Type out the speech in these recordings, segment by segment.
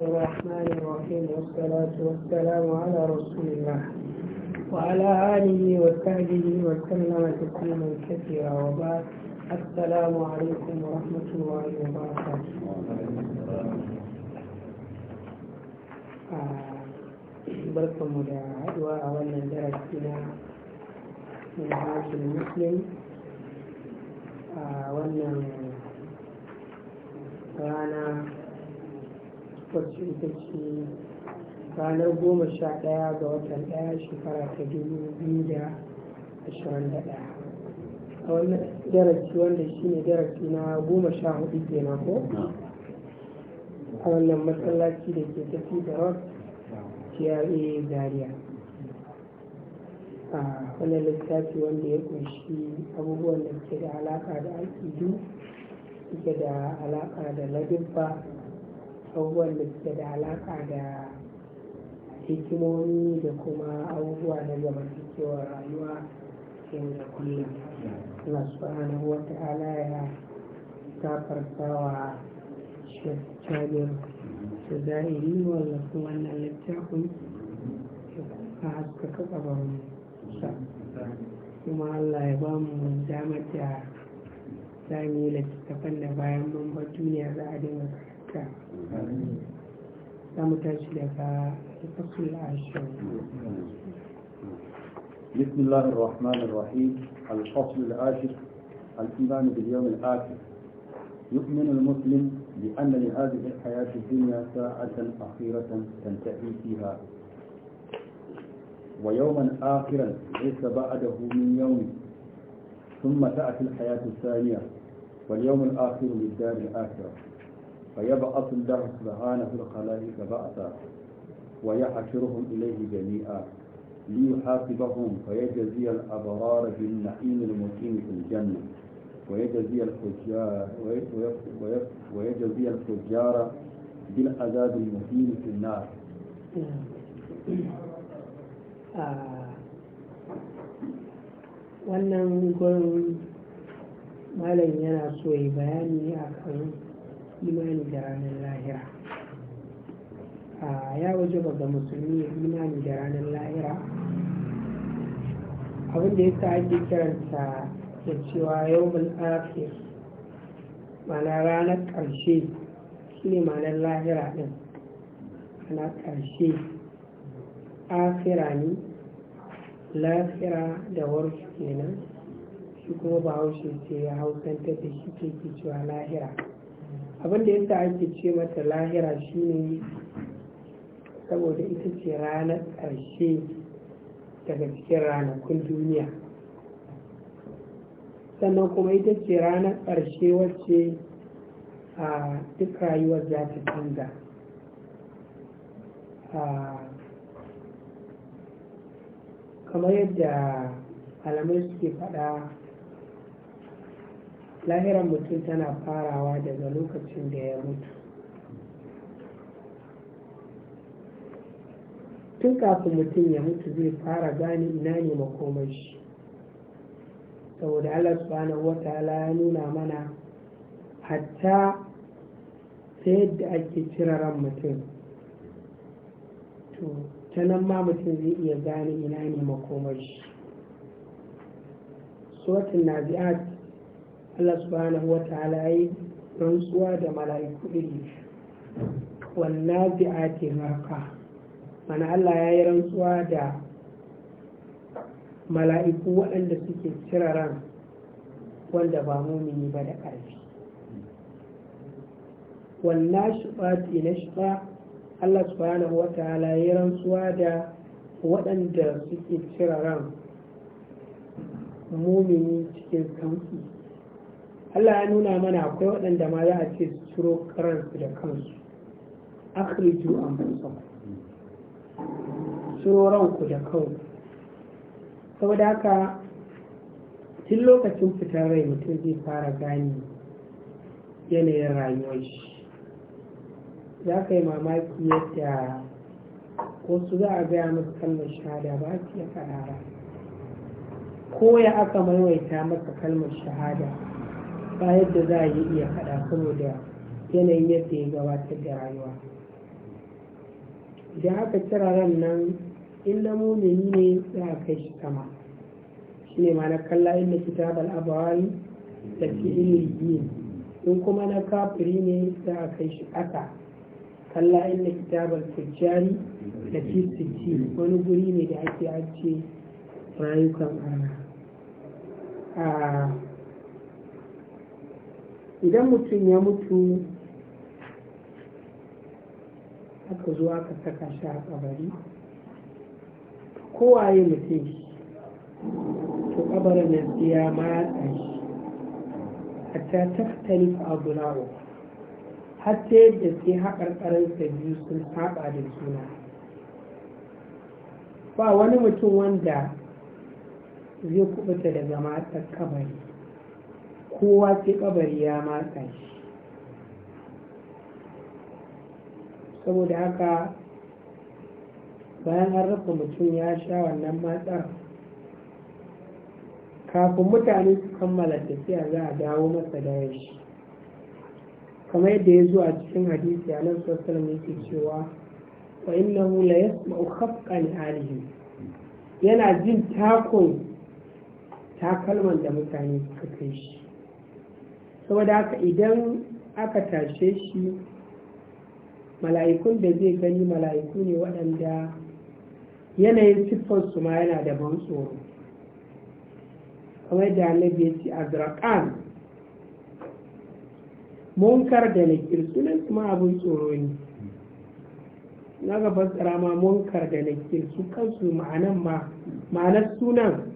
بسم الله الرحمن الرحيم والصلاة والسلام على رسول الله وعلى آله وصحبه وسلم تسليما كثيرا وبعد السلام عليكم ورحمة الله وبركاته آه، بركم دا عدوى أولا درسنا من عاش المسلم آه، وانا رانا wacce ita ce ranar goma sha ɗaya ga watan ɗaya shekara ta dubu biyu da ashirin da ɗaya a wannan darasi wanda shi ne darasi na goma sha hudu na ko a wannan masallaci da ke tafi da rock gra zaria a wannan littafi wanda ya kunshi abubuwan da ke da alaka da aƙidu suke da alaƙa da ladubba abubuwan da suke da alaƙa da hikimomi da kuma abubuwa na zamantakewar rayuwa yau da kullum Allah subhanahu wata ta'ala ya gafarta wa shekabir su zahiri wallafin wannan littafin a haska kabarin sa kuma Allah ya ba mu damar da za mu littattafan da bayan mun bar duniya za a dinga karanta بسم الله الرحمن الرحيم الفصل العاشر الإيمان باليوم الآخر يؤمن المسلم بأن لهذه الحياة الدنيا ساعة أخيرة تنتهي فيها ويوما آخرا ليس بعده من يوم ثم تأتي الحياة الثانية واليوم الآخر للدار الآخرة فيبعث الله سبحانه الخلائق بعثا ويحشرهم إليه جميعا ليحاسبهم فيجزي الأبرار بالنعيم المقيم في الجنة ويجزي الفجار ويجزي الفجار بالعذاب المقيم في النار wannan gun malam yana so ya bayani akan imani da ranar lahira ya waje ga musulmi imani da ranar lahira abinda ya sa ake kiranta da cewa yau mul'afir mana ranar ƙarshe shine ma'anar lahira ɗin ana ƙarshe afira ne lafira da warki kenan shi kuma ba haushe ce ya hausanta da shi ke cewa lahira abin da yadda ake ce mata lahira shine saboda ita ce ranar ƙarshe daga cikin ranakun duniya sannan kuma ita ce ranar ƙarshe wacce a duk rayuwar za ta canza kamar yadda alamai suke faɗa lahiran mutum tana farawa daga lokacin da ya mutu tun kafin mutum ya mutu zai fara gane ina ne makomai shi saboda allah subhanahu wata ya nuna mana hatta ta yadda ake cire ran mutum to ta nan ma mutum zai iya gane ina ne makomai shi na nazi'at Allah subhanahu wa ta'ala yi rantsuwa da mala'iku iri wannan bi'ati raka mana Allah ya yi rantsuwa da mala'iku waɗanda suke cire ran wanda ba mumini ba da ƙarfi wannan shiɓati na shiɓa Allah subhanahu wa ta'ala ya yi rantsuwa da waɗanda suke cire ran mumini cikin kamfi. Allah ya nuna mana akwai waɗanda ma za a ce su ciro karansu da kansu akhriju fusa ciro ranku da kansu saboda haka tun lokacin fitar rai mutum zai fara gani yanayin rayuwar shi za ka yi mamaki yadda wasu za a gaya masu kalmar shahada ba su iya karara ko ya aka maimaita masa kalmar shahada ba yadda za a iya haɗa saboda yanayin yadda ya gabatar da rayuwa da haka ran nan in na mumini ne za a kai shi sama shi ne ma na kalla inda kitabar abawai da fi ne, in kuma na kafiri ne za a kai shi ƙasa kalla inda kitab kitabar fujjari da fi wani guri ne da ake ajiye rayukan ana idan mutum ya mutu aka zo aka saka shi a kabari kowaye mutum to kabarin nan ya matsa shi hatta taftali a gulawo har ta yadda sai haƙarƙarinsa biyu sun saba da suna ba wani mutum wanda zai kubuta daga matar kabari kowa ce kabari ya matsa shi saboda haka bayan an rufe mutum ya sha wannan matsar kafin mutane su kammala tafiya za a dawo masa da shi kamar yadda ya zo a cikin hadisi a nan sosai yake cewa wa innahu hula yasma'u khafqan alihi yana jin takon takalman da mutane suka kai shi saboda haka idan aka tashe shi mala'ikun da zai gani mala'iku ne waɗanda yanayin siffarsu ma yana da ban tsoro kamar da annabi ya ce azraqan munkar da nakir sunan kuma abin tsoro ne na ga fassara ma munkar da nakir su kansu ma'anan ma ma'anar sunan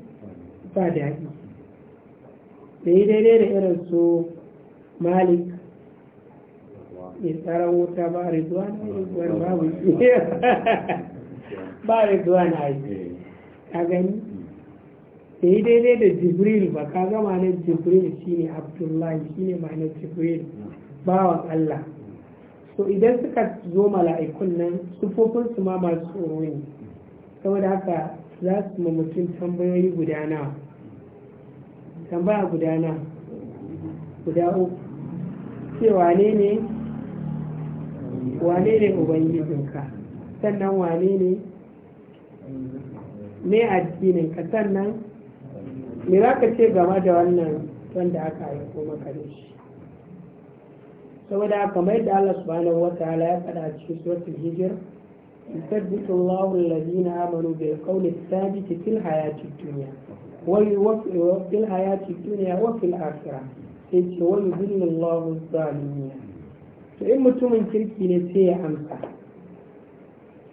ba daɗi da yi daidai da irin su malik ya tsara wuta ba ridwan ridwan babu ka gani da eh, yi daidai da jibril ba ka gama na jibril shine abdullahi shine ma'anar jibril allah so idan suka zo mala'ikun nan sufofin su ma masu tsoro ne saboda haka su ma mutum tambayoyi guda na uku ce wane ne wane ne ubangijinka sannan wane ne me addininka sannan me za ka ce gama da wannan wanda aka aiko maka da shi saboda haka mai da Allah wata wataala ya faɗa cikin suratul hijr yusabbitu Allahu na amanu bil qawli thabit fil hayati dunya wa yuwaffi fil hayati dunya wa fil akhirah sai ce wani zillin lahun zalimiya to in mutumin kirki ne sai ya amsa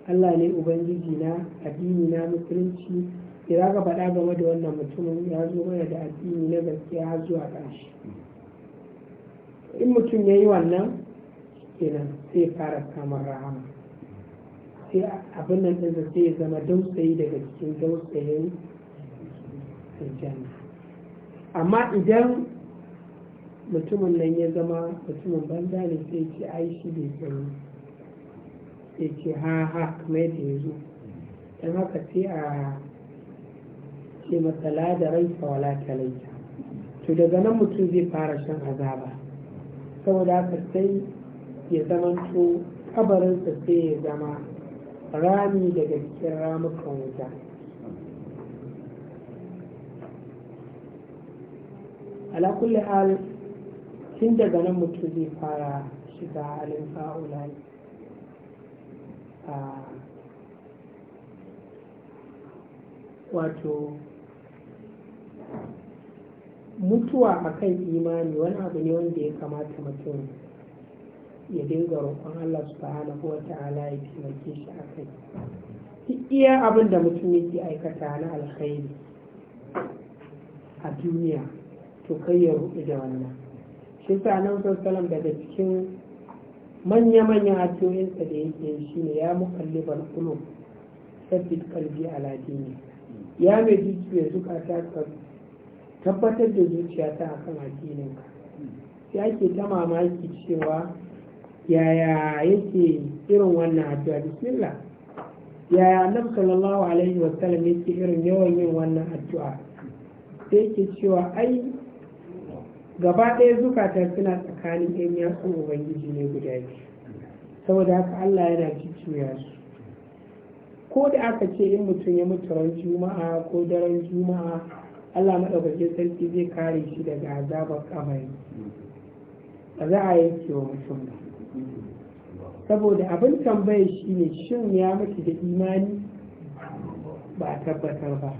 Allah ne Ubangiji na addini na musulunci ya ga faɗa game da wannan mutumin ya zo mana da addini na gaskiya har zuwa ƙarshe in mutum ya yi wannan kenan sai fara samun rahama sai abin nan ɗinsa sai ya zama dausayi daga cikin dausayin aljanna amma idan mutumin nan ya zama mutumin banza ne sai ce ai shi bai sani sai ce ha ha kamar yadda ya zo don haka sai a ce masala da rai wala talaita to daga nan mutum zai fara shan azaba saboda haka sai ya zama to kabarinsa sai ya zama rami daga cikin ramukan wuta ala kulli hal tun daga nan mutum zai fara shiga halin fa'ula ah, wato mutuwa akan imani wani abu ne wanda ya kamata mutum ya dinga roƙon Allah su subhanahu ta ta'ala ya taimake shi a kai duk iya abin da mutum yake aikata na alkhairi a duniya to kai ya ruɗu da wannan Kisa sa nan salam daga cikin manya-manyan addu'o'insa da yake shi ne ya mukalli barkulu sabbin kalbi a ladini ya mai zuciya zuka ta tabbatar da zuciya ta akan addininka sai ke ta mamaki cewa yaya yake irin wannan addu'a bismillah yaya annabi sallallahu alaihi wasallam yake irin yawan yin wannan addu'a sai ke cewa ai gaba ɗaya zukata suna tsakanin yan yatsun ubangiji ne guda biyu saboda haka allah yana jujjuya su ko da aka ce in mutum ya mutu ran juma'a ko daren juma'a allah maɗaukaki sarki zai kare shi daga azabar kamari ba za a yanke wa mutum ba saboda abin tambayar shi ne shin ya mutu da imani ba a tabbatar ba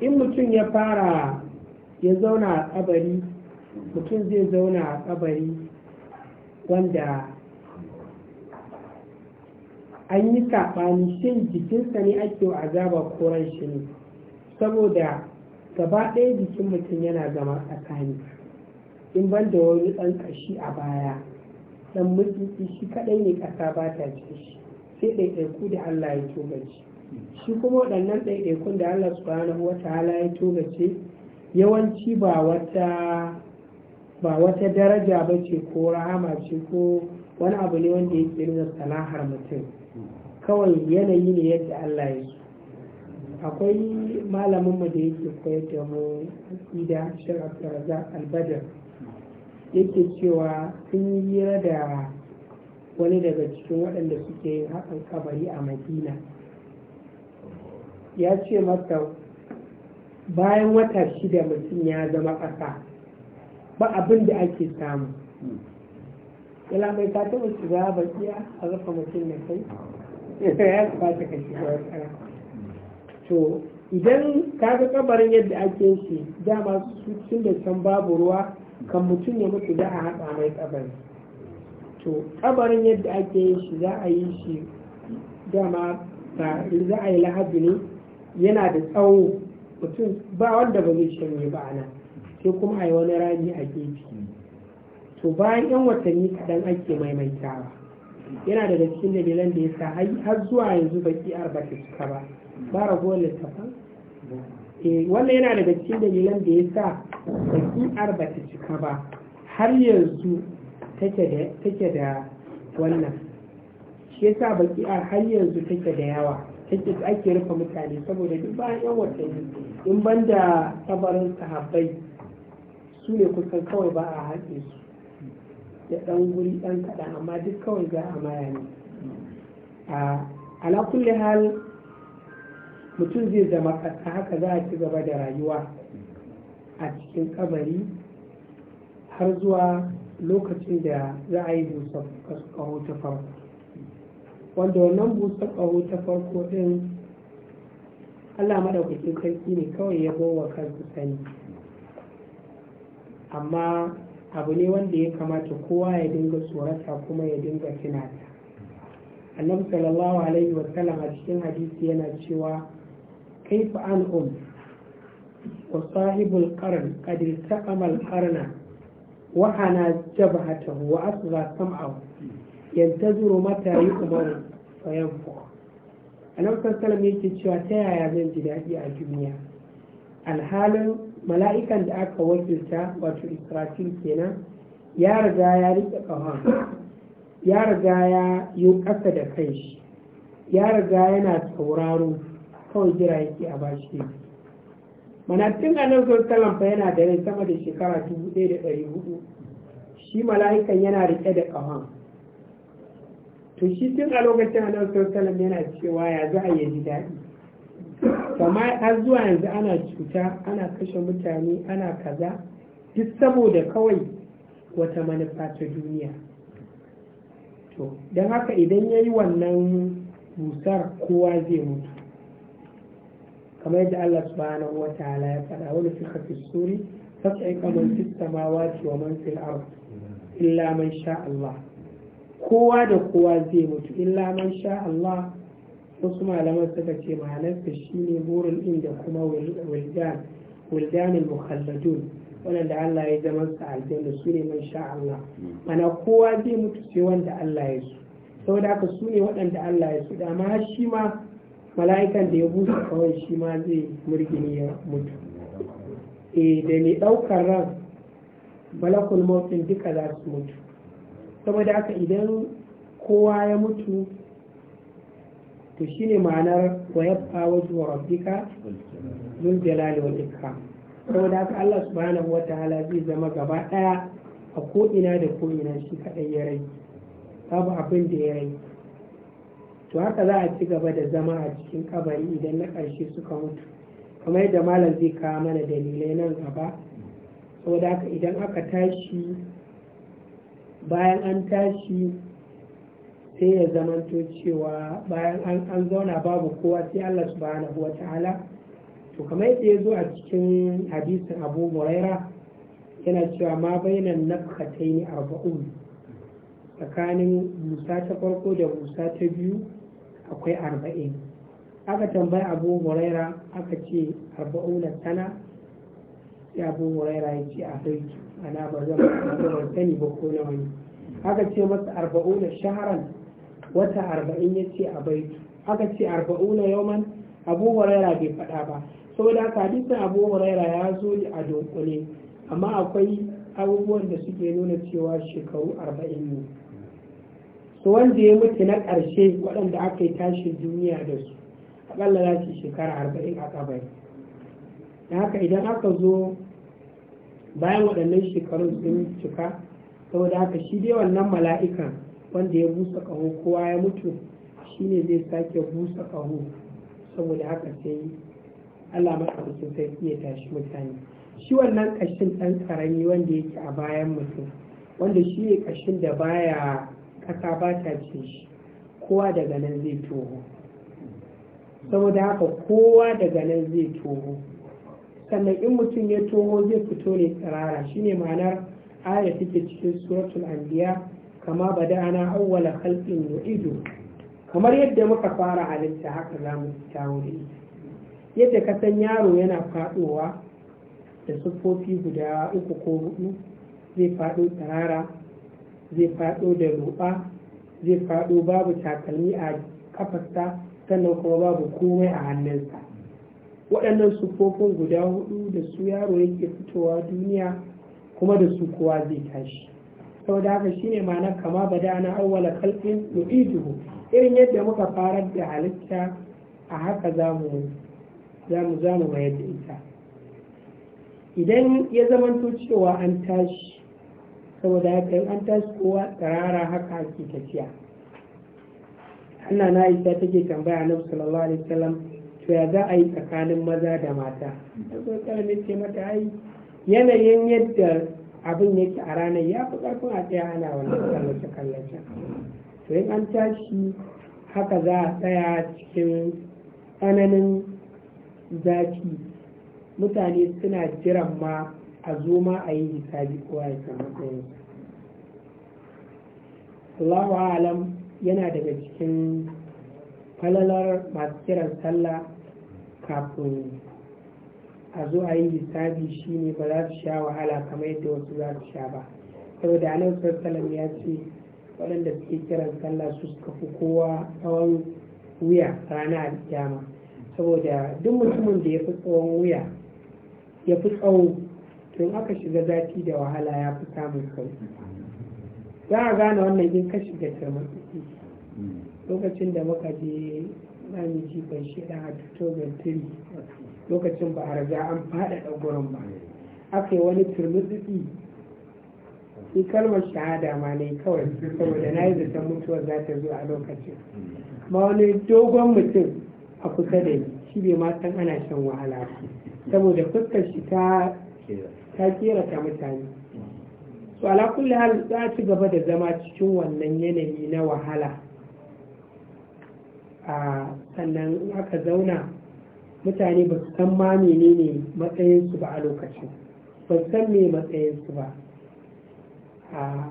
in mutum ya fara ya zauna a kabari mutum zai zauna a kabari wanda an yi saɓani shin jikinsa ne ake azaba ko koran shi ne saboda gaba ɗaya jikin mutum yana zama tsakani in ban da wani ɗan ƙashi a baya ɗan mutum shi kaɗai ne ƙasa ba ta ce shi sai ɗaiɗaiku da allah ya tobe shi kuma waɗannan ɗaiɗaikun da Allah subhanahu wa ta'ala ya ce, yawanci ba wata daraja ba ce ko rahama ce ko wani abu ne wanda yake nuna salahar mutum kawai yanayi ne yadda Allah ya so akwai malaminmu da yake koyar da mu ida shir abdulrazak albadar yake cewa sun yi hira da wani daga cikin waɗanda suke yin haɗin kabari a madina ya ce mata bayan wata shida mutum ya zama ƙasa ba abin da ake samu ila mai ka taɓa shiga bakiya a zafa mutum na kai ya ba ta ka shiga to idan ka ga kabarin yadda ake shi dama sun da can babu ruwa kan mutum ya mutu za a haɗa mai kabari to kabarin yadda ake shi za a yi shi dama za a yi lahabi ne yana da tsawo mutum ba wanda ba zai shanye ba ana sai kuma a yi wani rami a gefe to bayan yan watanni kaɗan ake maimaitawa yana daga cikin dalilan da ya sa har zuwa yanzu baki ta suka ba ba ragowar littafin eh, wannan yana daga cikin dalilan da ya sa baki ta cika ba har yanzu take da wannan shi ya sa baki har yanzu take da yawa take ake rufe mutane saboda duk bayan yan watanni in ban da tabarin sahabbai su ne kusan kawai ba a haɗe su da ɗan guri ɗan kaɗan amma duk kawai za a maya ne a kulli hal mutum zai zama ƙasa haka za a ci gaba da rayuwa a cikin kabari har zuwa lokacin da za a yi busa kasu ta farko wanda wannan busar ƙawo ta farko ɗin allah maɗaukakin sarki ne kawai ya wa kansu sani amma abu ne wanda ya kamata kowa ya dinga tsorata kuma ya dinga tunata annabi sallallahu alaihi wasallam a cikin hadisi yana cewa fa an um wa sahibul qarn qad ta qarna wa ana jabhatahu wa asgha sam'ahu yantazuru mata yi umaru fayan fuwa annabi sallallahu yake cewa ta yaya zan ji daɗi a duniya alhalin mala'ikan da aka wakilta wato israfil kenan ya riga ya riƙe ƙafa ya riga ya yi ƙasa da kai shi ya riga yana sauraro kawai jira yake a bashi mana tun annabi sallallahu yana da rai sama da shekara dubu ɗaya da ɗari hudu shi mala'ikan yana riƙe da ƙahon. to shi tun a lokacin annabi sallallahu yana cewa ya za a yi daɗi amma har zuwa yanzu ana cuta ana kashe mutane ana kaza duk saboda kawai wata manufa ta duniya to don haka idan ya yi wannan busar kowa zai mutu kamar yadda Allah subhanahu wa ta'ala ya faɗa wani fi hafi suri fasai kamar fi samawa wa man fil illa man sha Allah kowa da kowa zai mutu illa man sha Allah wasu malaman suka ce ma'anarsa shine burin din da kuma wildan wildanul mukhalladun da Allah ya zama sa aljanna su ne man sha Allah mana kowa zai mutu sai wanda Allah ya so saboda haka su ne waɗanda Allah ya so da ma shi ma mala'ikan da ya busa kawai shi ma zai murgini ya mutu eh da ne ɗaukar ran malakul mautin duka za su mutu saboda aka idan kowa ya mutu to shine ma'anar wa yabqa wajhu rabbika zul jalali wata ikka saboda aka Allah subhanahu wataala zai zama gaba daya a ko'ina da ko'ina shi kadai ya rai babu abin da ya rai to haka za a ci gaba da zama a cikin kabari idan na ƙarshe suka mutu kamar yadda malam zai kawo mana dalilai nan gaba saboda aka idan aka tashi bayan an tashi sai ya zamanto cewa bayan an zauna babu kowa sai Allah subhanahu wa ta'ala to kamar yadda ya zo a cikin hadisin abu muraira yana cewa ma bainan nafkatai ne arba'un tsakanin musa ta farko da musa ta biyu akwai arba'in aka tambayi abu muraira aka ce arba'un sana sai abu muraira ya ce a ana ba zan ba sani ba ko na wani aka ce masa arba'una shaharan wata arba'in ya ce a bai aka ce arba'una yauman abu huraira bai faɗa ba saboda haka hadisin abu huraira ya zo a dunkule amma akwai abubuwan da suke nuna cewa shekaru arba'in ne su wanda ya mutu na ƙarshe waɗanda aka yi tashin duniya da su aƙalla za su shekara arba'in a ƙabai da haka idan aka zo bayan waɗannan shekarun sun cika saboda haka shi dai wannan mala'ikan wanda ya busa ƙaho kowa ya mutu shi ne zai sake busa ƙaho saboda haka sai Allah sai sarki ya tashi mutane shi wannan ƙashin ɗan ƙarami wanda yake a bayan mutum wanda shi ne ƙashin da baya ƙasa ba ta ce shi kowa daga nan zai toho saboda haka kowa daga nan zai toho sannan in mutum ya toho zai fito ne tsirara shine ma'anar aya take cikin suratul anbiya kama ba bada'ana awwala khalqin ido kamar yadda muka fara halitta haka za mu fita wuri yadda kasan yaro yana faɗowa da siffofi guda uku ko hudu zai faɗo tsirara zai faɗo da roɓa zai faɗo babu takalmi a kafasta sannan kuma babu komai a hannunsa waɗannan sufofin guda hudu da su yaro yake fitowa duniya kuma da su kowa zai tashi saboda haka shine ma'ana kama ba da na awwala kalfin nu'iduhu irin yadda muka fara da halitta a haka za mu za mayar da ita idan ya zamanto cewa an tashi saboda haka an tashi kowa tsarara haka ake tafiya Allah na isa take tambaya na sallallahu alaihi wasallam to ya za a yi tsakanin maza da mata da ce mata ai yanayin yadda abin yake a ranar ya fi karfin a tsaya ana wannan kallace kallace to in an tashi haka za a tsaya cikin tsananin zafi mutane suna jiran ma a zo ma a yi hisabi kowa ya san matsayinsa Allahu alam yana daga cikin falalar masu kiran sallah kafin a zo a yi hisabi ne ba za su sha wahala kamar yadda wasu za su sha ba saboda anan sassalam ya ce waɗanda suke kiran sallah su suka fi kowa tsawon wuya rana a alkiyama saboda duk mutumin da ya fi tsawon wuya ya fi tsawo tun aka shiga zafi da wahala ya fi samun sauki za a gane wannan in ka shiga tarmatsatsi lokacin da muka je za mu ji kan shida a a 2003 lokacin ba a raga an faɗaɗa gurin ba aka yi wani turmutsutsi sai kalmar shahada ma ne kawai saboda na yi zaton mutuwar za ta zo a lokacin ma wani dogon mutum a kusa da shi bai ma san ana shan wahala saboda fuskar shi ta ta kera ta mutane su ala kulli hal za ci gaba da zama cikin wannan yanayi na wahala sannan aka zauna mutane ba su san ma menene matsayinsu ba a lokacin ba su san me matsayinsu ba a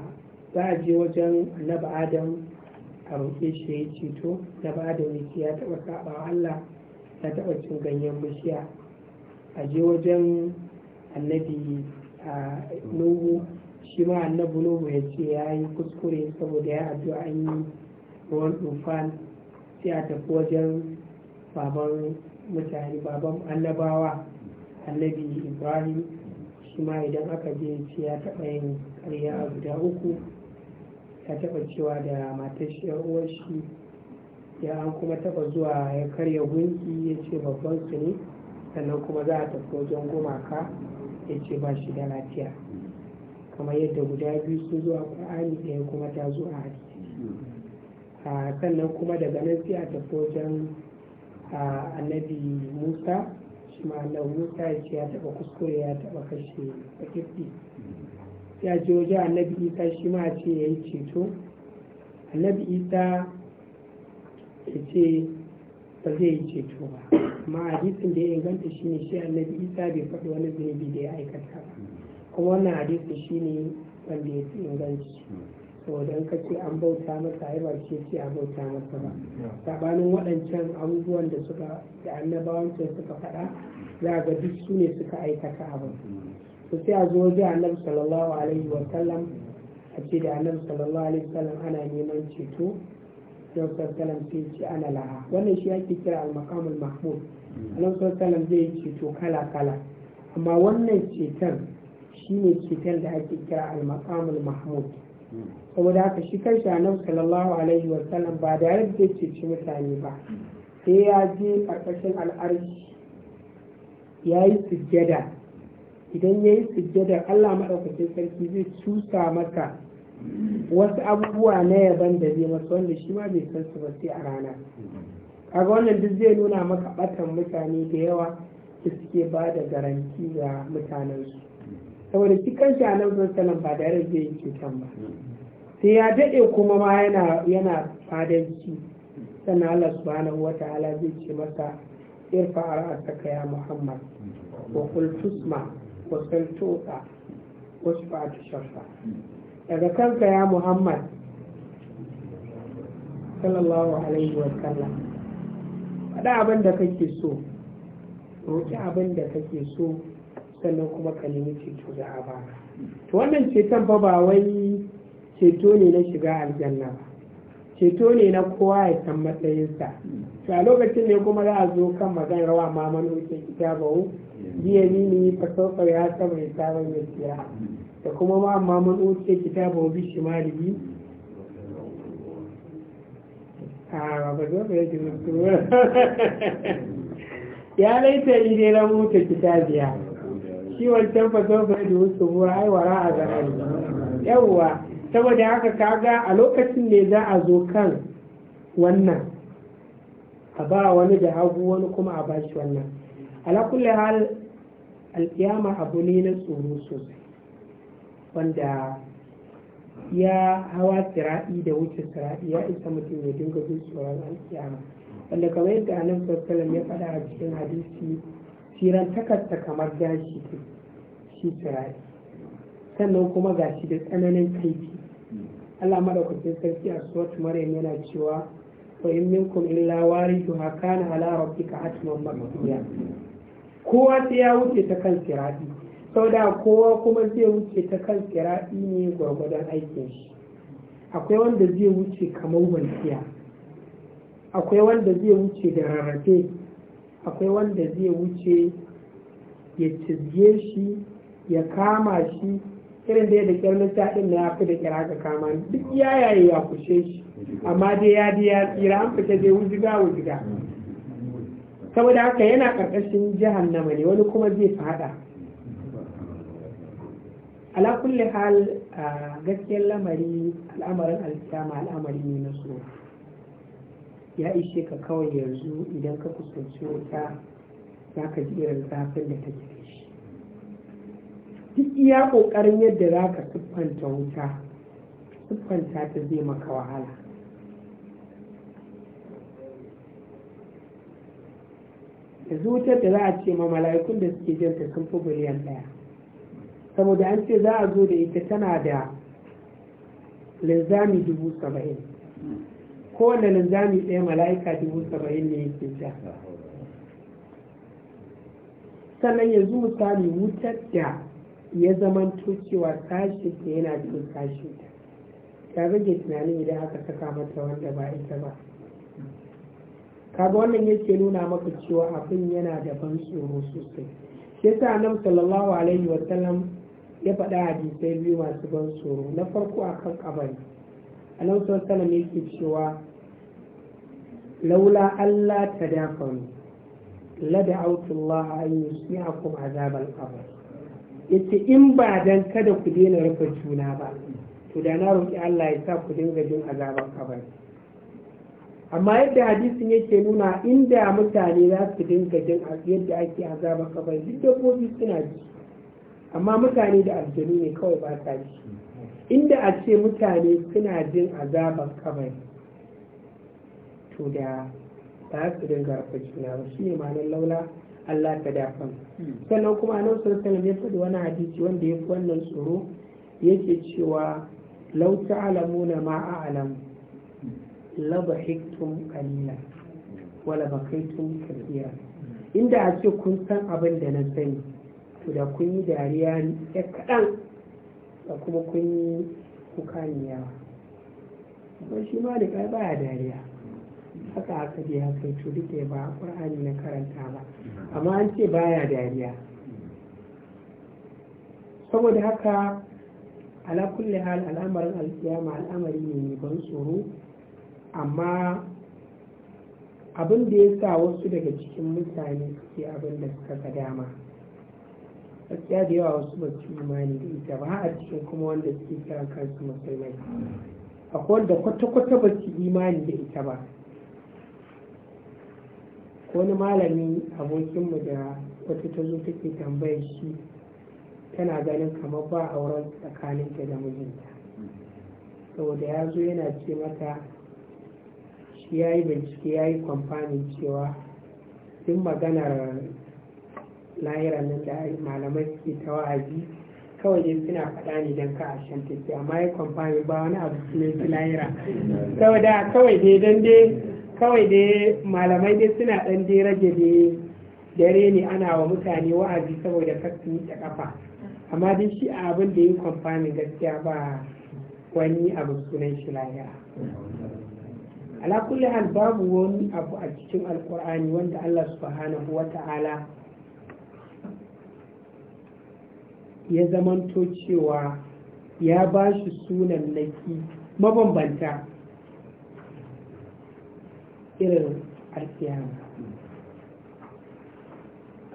za a je wajen annabi adam a roƙe shi ya yi ceto annabi adam ya ce ya taɓa saɓa allah ya taɓa cin ganyen bishiya a je wajen annabi a nuhu shi ma annabi nuhu ya ce ya yi kuskure saboda ya addu'a an yi ruwan tufan ya tafi wajen baban mutane baban annabawa annabi ibrahim shi idan aka je ce ya taɓa yin karya a guda uku ya taba cewa da matar shi uwar shi ya an kuma taɓa zuwa ya karya gunki ya ce babban su ne sannan kuma za a tafi wajen gumaka ya ce ba shi da lafiya kamar yadda guda biyu su zuwa ƙwa'ani ɗaya kuma ta zuwa hadisi sannan kuma daga nan sai a tafi wajen annabi musa shi ma annabi musa ya ce ya taɓa kuskure ya taɓa kashe fakirɗi sai a je wajen annabi isa shi ma ce ya yi ceto annabi isa ya ce ba zai yi ceto ba amma hadisin da ya inganta shi ne shi annabi isa bai faɗi wani zunubi da ya aikata ba kuma wannan hadisin shi ne wanda ya fi inganci saboda in ka ce an bauta masa ai ba ce ce a bauta masa ba sabanin waɗancan abubuwan da suka da annabawan sai suka faɗa za ga duk su ne suka aikata abin to sai a zo wajen annabi sallallahu alaihi wa sallam a ce da annabi sallallahu alaihi wa sallam ana neman ceto don sallallahu sai ce ana laha wannan shi ake kira al-maqamul mahmud annabi sallallahu zai yi ceto kala kala amma wannan ceton shine ceton da ake kira al-maqamul mahmud saboda haka shi kanshi nan sallallahu alaihi wa ba da yadda ya ci mutane ba sai ya je karkashin al'arshi ya yi sujjada idan ya yi sujjada Allah maɗaukacin sarki zai cusa maka wasu abubuwa na yaban da zai masa wanda shi ma bai san su ba sai a rana kaga wannan duk zai nuna maka ɓatan mutane da yawa da suke ba da garanti ga mutanensu saboda shi a nan sun salam ba da zai yi cutan ba sai ya daɗe kuma ma yana yana fadanci sannan Allah subhanahu wa ta'ala zai ce masa irfa ra'asaka ya Muhammad wa qul tusma wa sal tuqa wa shafa shafa daga kanka ya Muhammad sallallahu alaihi wa sallam faɗa abin da kake so roƙi abin da kake so sannan kuma ka nemi ceto da abada. to wannan ceton fa ba wai ceto ne na shiga aljanna ba ceto ne na kowa ya san matsayinsa to a lokacin ne kuma za a zo kan maganar wa ma ba wu biya mini fa sauka ya saba ya saba ya siya da kuma ma ma manufin kitabahu bi shimalihi a ba zo ba yake ya laita ni dai na ta kitabiya shi wancan faso da wasu ruwa ai wara a zanari yawwa saboda haka kaga a lokacin ne za a zo kan wannan a ba wani da hagu wani kuma a ba shi wannan alakulli hal alkiyama abu ne na tsoro sosai wanda ya hawa tsira'i da wuce tsira'i ya isa mutum ya dinga jin tsoron alkiyama wanda kamar yadda anan sallallahu ya faɗa a cikin hadisi siran takarta kamar gashi ta shi tsirai sannan kuma gashi da tsananin kaifi Allah madaukakin sarki a suwatu maryam yana cewa wa in minkum illa waridha kana ala rabbika hatman maqdiya kowa sai ya wuce ta kan sirati da kowa kuma zai wuce ta kan tsirai ne gwargwadon aikin shi akwai wanda zai wuce kamar walkiya akwai wanda zai wuce da rarrafe akwai wanda zai wuce ya cizge shi ya kama shi irin da ya da kyar littafin na ya fi da kira ga kama duk ya yaye ya kushe shi amma dai ya ji ya tsira an fita dai wujiga wujiga saboda haka yana ƙarƙashin nama ne wani kuma zai fada ala kulli hal gaskiyar lamari al'amarin alkiyama al'amari ne na tsoro ya ishe ka kawai yanzu idan ka kusanci wuta za ka ji irin zafin da ta da shi duk iya ƙoƙarin yadda za ka siffanta wuta siffanta ta zai maka wahala yanzu wutar da za a ce ma mala'ikun da suke ta sun fi biliyan ɗaya saboda an ce za a zo da ita tana da linzami dubu saba'in kowane linzami ɗaya mala'ika dubu saba'in ne yake sha sannan yanzu misali wutar da ya zamanto cewa sashi da yana cikin sashi ta ta rage tunanin idan aka saka mata wanda ba ita ba kaga wannan yake nuna maka cewa abin yana da ban tsoro sosai shi yasa annabi sallallahu alaihi wa sallam ya faɗa hadisai biyu masu ban tsoro na farko akan kabari annabi sallallahu alaihi yake cewa laula Allah ta dafa dafaru a da'awtu Allah an kuma azabar abu yake in ba dan kada ku daina rufe juna ba to da na roƙi Allah ya sa ku dinga jin azaban abu amma yadda hadisin yake nuna inda mutane za su dinga jin yadda ake azaban abu duk dabbobi suna ji amma mutane da aljanu ne kawai ba sa ji inda a ce mutane suna jin azaban kabari to da ba su dinga rafa juna ba shi ne ma'anar laula Allah ta dafan sannan kuma nan sallallahu ya faɗi wani hadisi wanda ya fi wannan tsoro yake cewa alamu na ma a'lam la bahiktum qalila wala la tun inda a ce kun san abin da na sani to da kun yi dariya ne kaɗan da kuma kun yi kuka ne yawa amma shi ma da kai baya dariya haka haka dai haka to duk da ba qur'ani na karanta ba amma an ce baya dariya saboda haka ala kulli hal al'amarin alkiyama al'amari ne ban tsoro amma abin da ya sa wasu daga cikin mutane suke abin da suka ga dama gaskiya da yawa wasu ba su imani da ita ba a cikin kuma wanda suke kira kansu musulmai akwai wanda kwata-kwata ba su imani da ita ba wani malami abokinmu da wata ta zo take tambayar shi tana ganin kamar ba auren tsakaninta da mijinta saboda ya zo yana ce mata shi ya yi bincike ya yi kwamfani cewa duk maganar lahira nan da malamai suke ta wa'azi kawai dai suna faɗa ne don ka a shan tafi amma ya kwamfani ba wani abu ne su lahira saboda kawai dai don dai kawai dai malamai dai suna ɗan dai rage dai dare ne ana wa mutane wa'azi saboda kar su miƙe kafa amma dai shi a abin da ya kwamfani gaskiya ba wani abu ne shi lahira ala kulli hal babu wani abu a cikin alkur'ani wanda Allah subhanahu wa ta'ala ya zamanto cewa ya ba shi sunan laki mabambanta irin arkiyar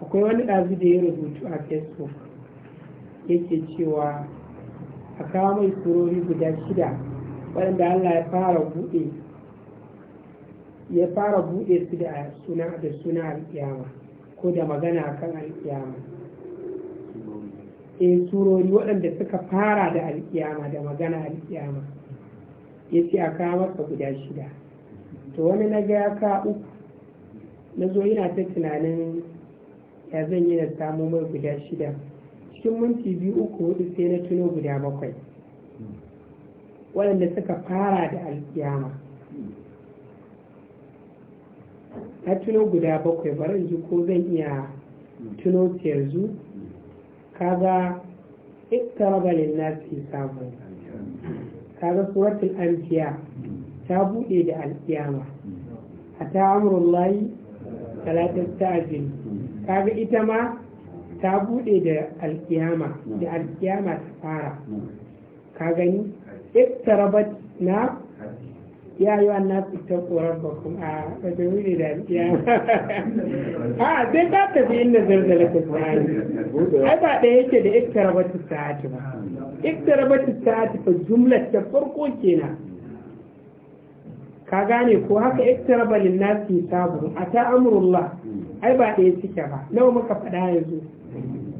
akwai wani ɗazu da ya rubutu a facebook yake cewa a kawo mai surori guda shida waɗanda allah ya fara buɗe ya fara buɗe su da suna da ko da magana kan alƙiyama. eh surori waɗanda suka fara da alkiyama da magana alkiyama ya ce a kawo masa guda shida to wani na ga ka uku na zo yana ta tunanin ya zan yi na samu mai guda shida cikin minti biyu uku hudu sai na tuno guda bakwai waɗanda suka fara da alkiyama na tuno guda bakwai bari in ji ko zan iya tuno su yanzu kaga iktaraba lin nasi samu kaga suratul anbiya ta bude da alkiyama ata amrullahi talatat ta'jil kaga ita ma ta bude da alkiyama da alkiyama ta fara ka gani iktarabat na ya yi wannan fitar korar bakun a wajen wuri da ya a sai ta tafi inda zarzala ta tsari ai ba ɗaya yake da iktarabatu sa'ati ba iktarabatu sa'ati fa jumlar ta farko kenan ka gane ko haka iktarabalin nasi sabu a ta amurullah ai ba ɗaya suke ba nawa muka faɗa yanzu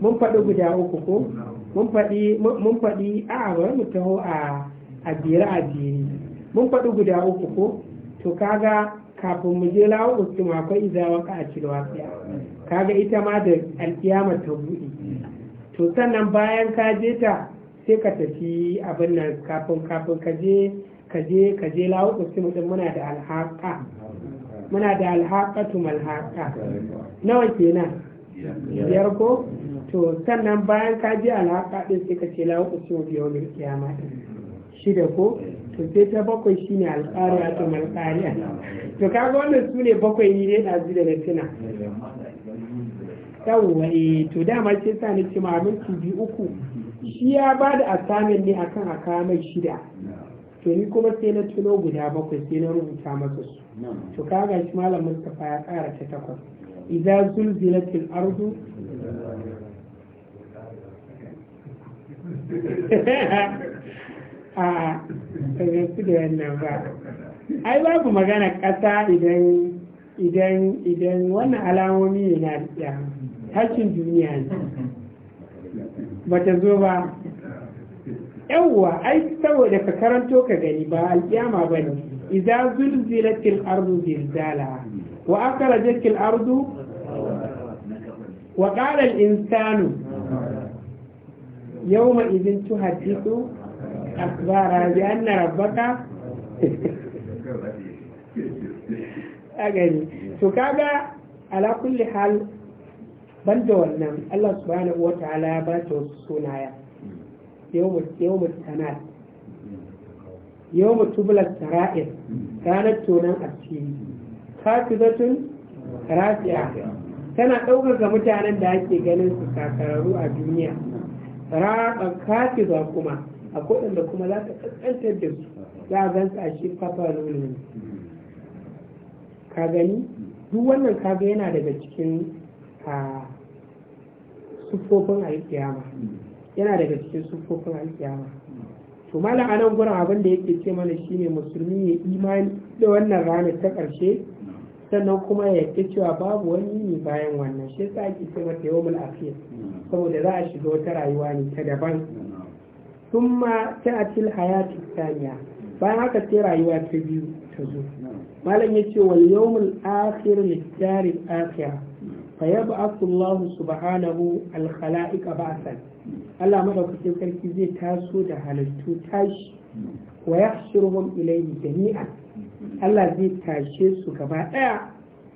mun faɗi guda uku ko mun faɗi a a bari mu taho a a biyar a biyar mun faɗi guda uku ko to kaga kafin mu je lawo ma akwai izawa ka a cilwa kaga ita ma da alkiyama ta buɗe to sannan bayan ka je ta sai ka tafi abin nan kafin kafin ka je ka je ka je lawo ustum mu muna da alhaqa muna da alhaqatu malhaqa nawa kenan biyar ko to sannan bayan ka je alhaqa din sai ka ce lawo mu biyo mil kiyama shida ko to sai ta bakwai shine alƙariya ta malƙariya to kaga wannan su ne bakwai ne da ɗazu da na tuna yawwa eh to dama ce sa ni ce ma biyu uku shi ya ba da assignment ne akan a kawo mai shida to ni kuma sai na tuno guda bakwai sai na rubuta masa su to kaga shi malam Mustapha ya ƙara ta takwas idza zulzilatil ardu a su da wannan ba ai babu magana ƙasa idan idan idan wannan alamomi ne na rikiya haccin duniya ne ba ta zo ba yawwa ai saboda ka karanto ka gani ba alƙiyama ba ne idan zulzila til ardu zilzala wa akhrajatil ardu wa qala al insanu yawma idhin tuhaddithu akbara bi anna rabbaka agani to kaga ala kulli hal ban da wannan Allah subhanahu wa ta'ala ya ba ta wasu sunaya yawmu tanat yawmu tubulat tara'ir ranar tonan asiri hafizatun rafi'a tana ɗaukaka mutanen da ake ganin su kakararru a duniya ra'a kafiza kuma akwai da kuma za ta kaskantar da su za a gan a shi kafa ne ka gani duk wannan kaga yana daga cikin a sufofin alkiyama yana daga cikin sufofin alkiyama to malam gurin abin da yake ce mana shine musulmi ya imani da wannan ranar ta karshe sannan kuma ya yake cewa babu wani ne bayan wannan shi yasa ake ce mata yawmul akhir saboda za a shiga wata rayuwa ne ta daban a ta'til hayatu thaniya bayan haka sai rayuwa ta biyu ta zo malam ce wal yawmul akhir lit-taril akhirah fa yab'athu Allah subhanahu al-khala'iq ba'san Allah madaukakin sarki zai taso da halittu tashi wa yahshuruhum ilayhi jami'an Allah zai tashe su gaba daya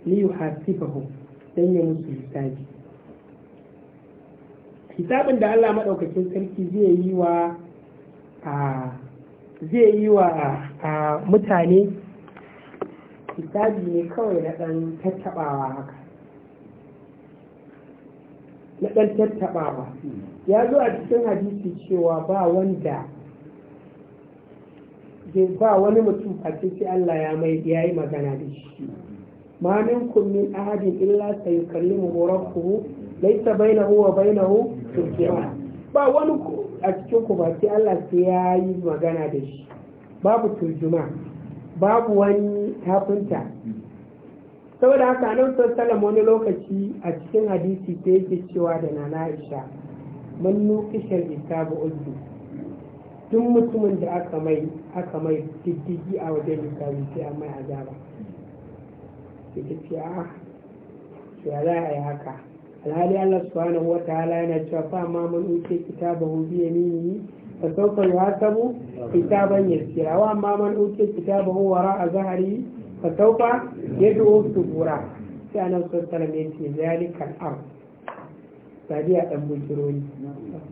li yuhasibahum dan ya musu hisabi hisabin da Allah madaukakin sarki zai yi wa zai yi wa mutane hisabi ne kawai na ɗan tattaɓawa haka na ɗan tattaɓawa ya zo a cikin hadisi cewa ba wanda ba wani mutum a cikin Allah ya mai ya yi magana da shi ma minkum ahadin illa sayukallimu bai na bainahu wa bainahu turjuma ba wani a cikin ku ba sai Allah sai ya yi magana da shi babu turjuma babu wani tafinta saboda haka anan sallallahu wani lokaci a cikin hadisi ta yake cewa da nana Aisha man ta ga uzu duk mutumin da aka mai aka mai diddigi a wajen hisabi sai an mai azaba sai ta ce a ya za a yi haka alhali Allah subhanahu wa ta'ala yana cewa fa ma man uce kitabahu bi yaminihi fa sawfa yuhasabu kitaban yasira wa ma man uce kitabahu wara zahari fa sawfa yad'u subura sai annabi sallallahu alaihi wasallam yace zalikal am sadiya dan bujiro ne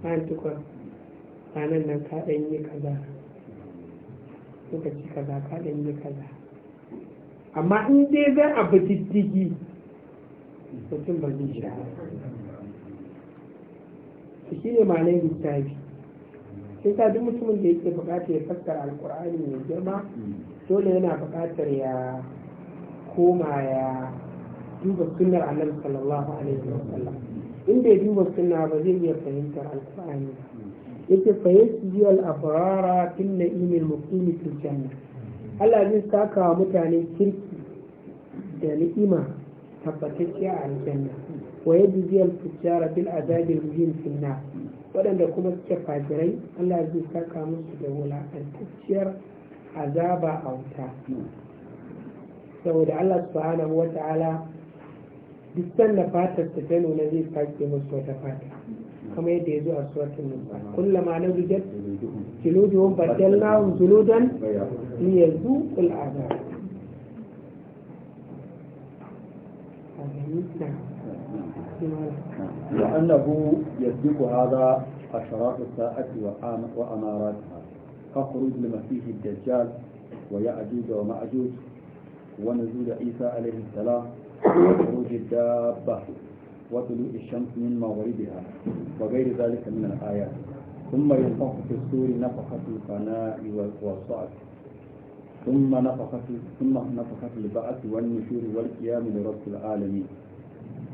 an tukun ranan nan ka dan yi kaza kuka ci kaza ka dan yi kaza amma in dai zan abu diddigi mutum ba zai jira su shi ne malai littafi sai ta duk mutumin da yake bukatar ya fassara alkur'ani mai girma dole yana bukatar ya koma ya duba sunnar annabi sallallahu alaihi wa sallam in bai duba sunna ba zai iya fahimtar alkur'ani yake fahimci al al'afarara tun na al muqim fil Allah zai saka wa mutane kirki da ni'ima tabbatacciya a aljanna wa yajziyal fujjara bil azabil muhim fil waɗanda kuma suke fajirai Allah zai saka musu da wulaƙantacciyar azaba a wuta saboda Allah subhanahu wa ta'ala duk sanda fatar ta ta nuna zai sake musu wata fata kama yadda ya zo a suratun nufa kullama na bijar kilodiyun baddal nahum zuludan liyarzu ul'azab وأنه يسبق هذا أشراط الساعة وأماراتها كخروج المسيح الدجال ويأجوج ومأجوج ونزول عيسى عليه السلام وخروج الدابة وطلوع الشمس من مغربها وغير ذلك من الآيات ثم ينفخ في السور نفخة القناء والصعق ثم نفخ في ثم نفخ في البعث والنشور والقيام لرب العالمين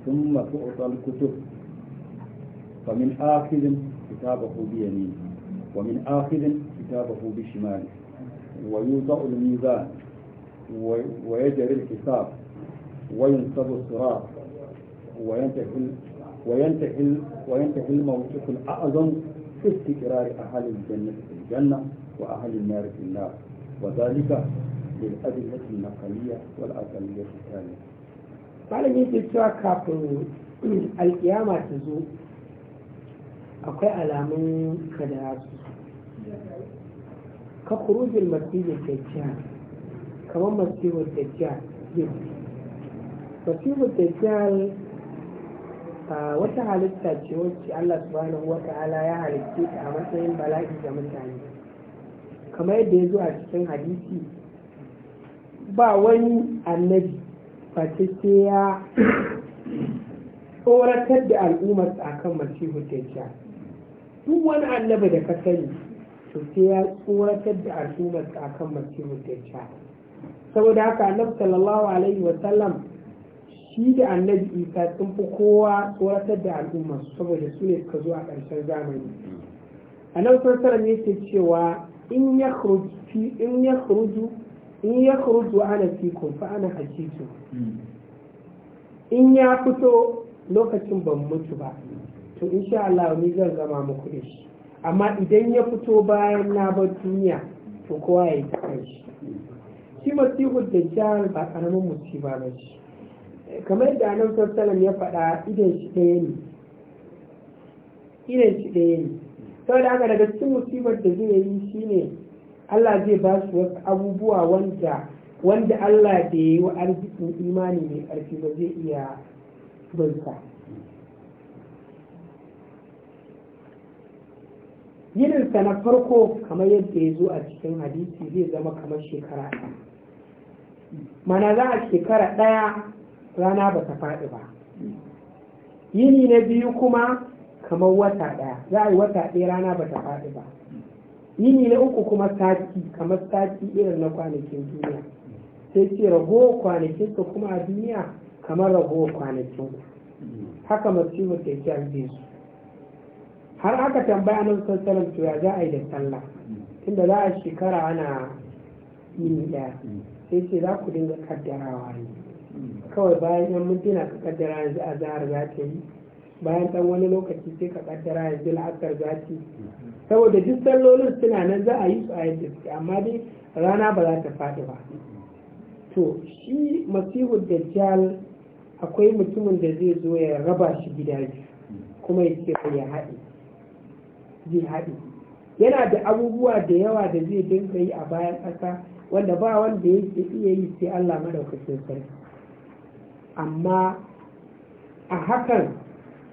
ثم تعطى الكتب فمن آخذ كتابه بيمينه ومن آخذ كتابه بشماله ويوضع الميزان ويجري الحساب وينصب الصراط وينتهي وينتهي وينتهي الموقف الأعظم في استقرار أهل الجنة في الجنة وأهل النار في النار وذلك للأدلة النقلية والأقلية الثانية قال yake cewa kafin alkiyama ta zo akwai alamun kada su ka kurujin masiri dajjal kamar masiri wata halitta ce wacce Allah subhanahu wa ta'ala ya halitta ta a matsayin bala'i ga mutane kamar yadda ya zo a cikin hadisi ba wani annabi face sai ya tsoratar da al'ummar a kan masihu dajjal duk wani annabi da ka sani to ce ya tsoratar da al'ummar a kan masihu dajjal saboda haka annabi sallallahu alaihi wa sallam shi da annabi isa sun fi kowa tsoratar da al'ummar saboda su ne suka zo a ƙarshen zamani a nan sun sarsarar yake cewa in ya khuruji in ya in ya ana fikum fa ana hajitu in ya fito lokacin ban mutu ba to insha Allah ni zan zama muku da shi amma idan ya fito bayan na bar duniya to kowa ya yi ta shi shi masihu da jihar ba karamin musiba ba shi kamar yadda annabi sallallahu ya faɗa idan shi ɗaya ne idan shi ɗaya ne da haka daga cikin musibar da zai yi shine Allah zai ba su wasu abubuwa wanda wanda Allah da ya yi wa arzikin imani mai ƙarfi ba zai iya bunsa yininsa na farko kamar yadda ya zo a cikin hadisi zai zama kamar shekara ɗaya mana za a shekara ɗaya rana ba ta faɗi ba yini na biyu kuma kamar wata ɗaya za a yi wata ɗaya rana ba ta faɗi ba yini na uku kuma sati kamar sati irin na kwanakin duniya sai ce rago kwanakin ka kuma a duniya kamar rago kwanakin haka masu yi ke ci su har aka tambaya nan sun salam to za a yi da sallah tunda za a shekara ana yini ɗaya sai ce za ku dinga kaddarawa ne kawai bayan yan mutuna ka kaddara yanzu a zahar za ta yi bayan ɗan wani lokaci sai ka kaddara ya ji la'akar zaci saboda duk sallolin suna nan za a yi su a yadda amma dai rana ba za ta faɗi ba to shi masihu dajjal akwai mutumin da zai zo ya raba shi gida kuma ya ce ya haɗe zai haɗe yana da abubuwa da yawa da zai dinga yi a bayan ƙasa wanda ba wanda yake iya yi sai Allah madaukakin sarki amma a hakan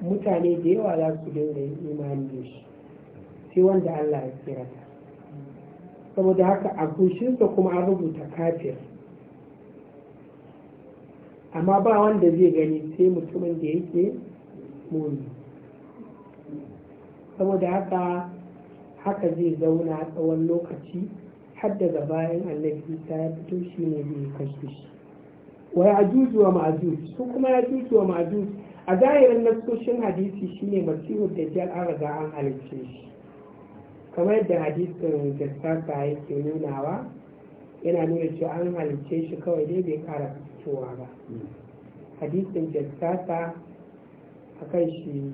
mutane da yawa za su dinga yin imani da shi sai wanda Allah ya kira saboda haka a gushinsa kuma an rubuta kafir amma ba wanda zai gani sai mutumin da yake muni saboda haka haka zai zauna tsawon lokaci har daga bayan annabi ta ya fito shi ne zai kashe shi wa ya ajuju wa ma'ajuj su kuma ya ajuju wa ma'ajuj a zahirin naskoshin hadisi shine masihu jal an raga an halicce shi kamar yadda hadisin ya yake nunawa yana nuna cewa an halicce shi kawai dai bai kara fitowa ba hadisin jassasa a kan shi